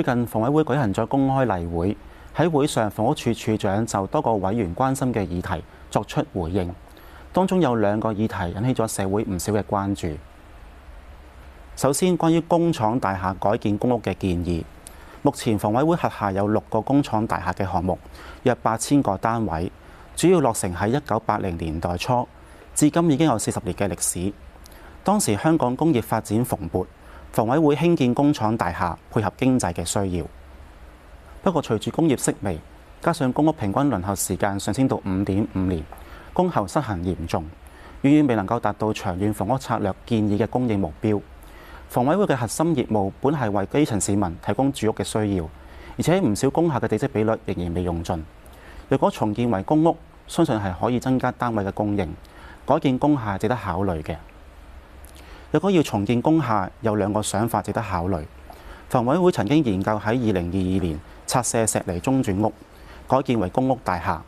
最近房委會舉行咗公開例會，喺會上，房屋處處長就多個委員關心嘅議題作出回應。當中有兩個議題引起咗社會唔少嘅關注。首先，關於工廠大廈改建公屋嘅建議，目前房委會轄下有六個工廠大廈嘅項目，約八千個單位，主要落成喺一九八零年代初，至今已經有四十年嘅歷史。當時香港工業發展蓬勃。房委會興建工廠大廈，配合經濟嘅需要。不過，隨住工業式微，加上公屋平均輪候時間上升到五點五年，供求失衡嚴重，遠遠未能夠達到長遠房屋策略建議嘅供應目標。房委會嘅核心業務本係為基層市民提供住屋嘅需要，而且唔少工廈嘅地積比率仍然未用盡。若果重建為公屋，相信係可以增加單位嘅供應，改建工廈值得考慮嘅。若果要重建工廈，有兩個想法值得考慮。房委會曾經研究喺二零二二年拆卸石籬中轉屋，改建為公屋大廈，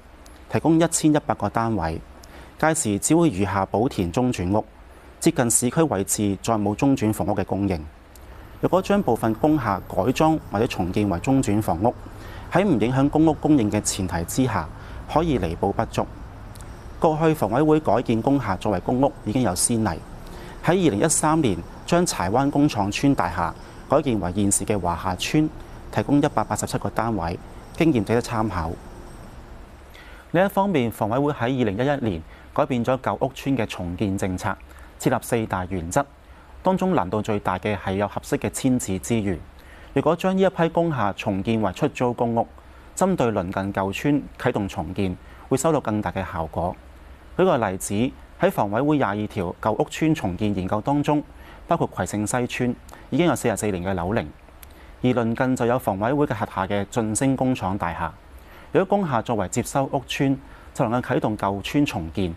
提供一千一百個單位。屆時只會餘下寶田中轉屋，接近市區位置再冇中轉房屋嘅供應。若果將部分工廈改裝或者重建為中轉房屋，喺唔影響公屋供應嘅前提之下，可以彌補不足。過去房委會改建工廈作為公屋已經有先例。喺二零一三年，將柴灣工廠村大廈改建為現時嘅華廈邨，提供一百八十七個單位，經驗值得參考。另一方面，房委會喺二零一一年改變咗舊屋邨嘅重建政策，設立四大原則，當中難度最大嘅係有合適嘅遷置資源。如果將呢一批工廈重建為出租公屋，針對鄰近舊村啟動重建，會收到更大嘅效果。舉個例子。喺房委會廿二條舊屋村重建研究當中，包括葵盛西村已經有四十四年嘅樓齡，而鄰近就有房委會嘅轄下嘅晉昇工廠大廈。如果工廈作為接收屋村，就能夠啟動舊村重建，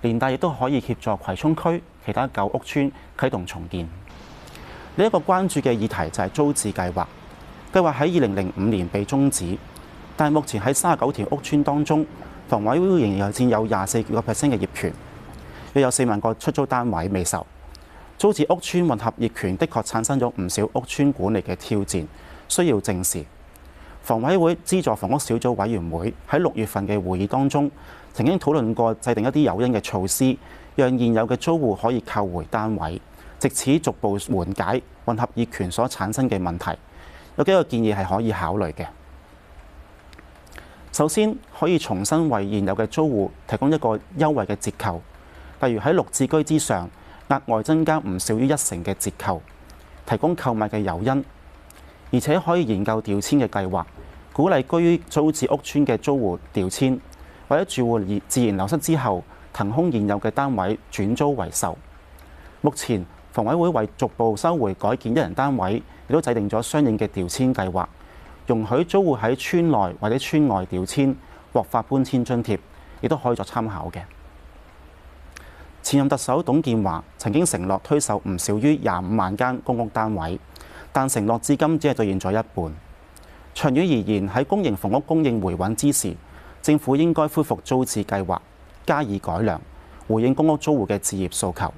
連帶亦都可以協助葵涌區其他舊屋村啟動重建。另一個關注嘅議題就係租置計劃，計劃喺二零零五年被終止，但目前喺三十九條屋村當中，房委會仍然佔有廿四個 percent 嘅業權。又有四萬個出租單位未售，租置屋村混合業權，的確產生咗唔少屋村管理嘅挑戰，需要正視。房委會資助房屋小組委員會喺六月份嘅會議當中，曾經討論過制定一啲有因嘅措施，讓現有嘅租戶可以購回單位，藉此逐步緩解混合業權所產生嘅問題。有幾個建議係可以考慮嘅。首先，可以重新為現有嘅租戶提供一個優惠嘅折扣。例如喺綠置居之上，額外增加唔少於一成嘅折扣，提供購買嘅誘因，而且可以研究調遷嘅計劃，鼓勵居於租置屋村嘅租戶調遷，或者住戶自然流失之後騰空現有嘅單位轉租為售。目前房委會為逐步收回改建一人單位，亦都制定咗相應嘅調遷計劃，容許租戶喺村內或者村外調遷，獲發搬遷津貼，亦都可以作參考嘅。前任特首董建華曾經承諾推售唔少於廿五萬間公屋單位，但承諾至今只係兌現咗一半。長遠而言，喺公營房屋供應回穩之時，政府應該恢復租置計劃，加以改良，回應公屋租戶嘅置業訴求。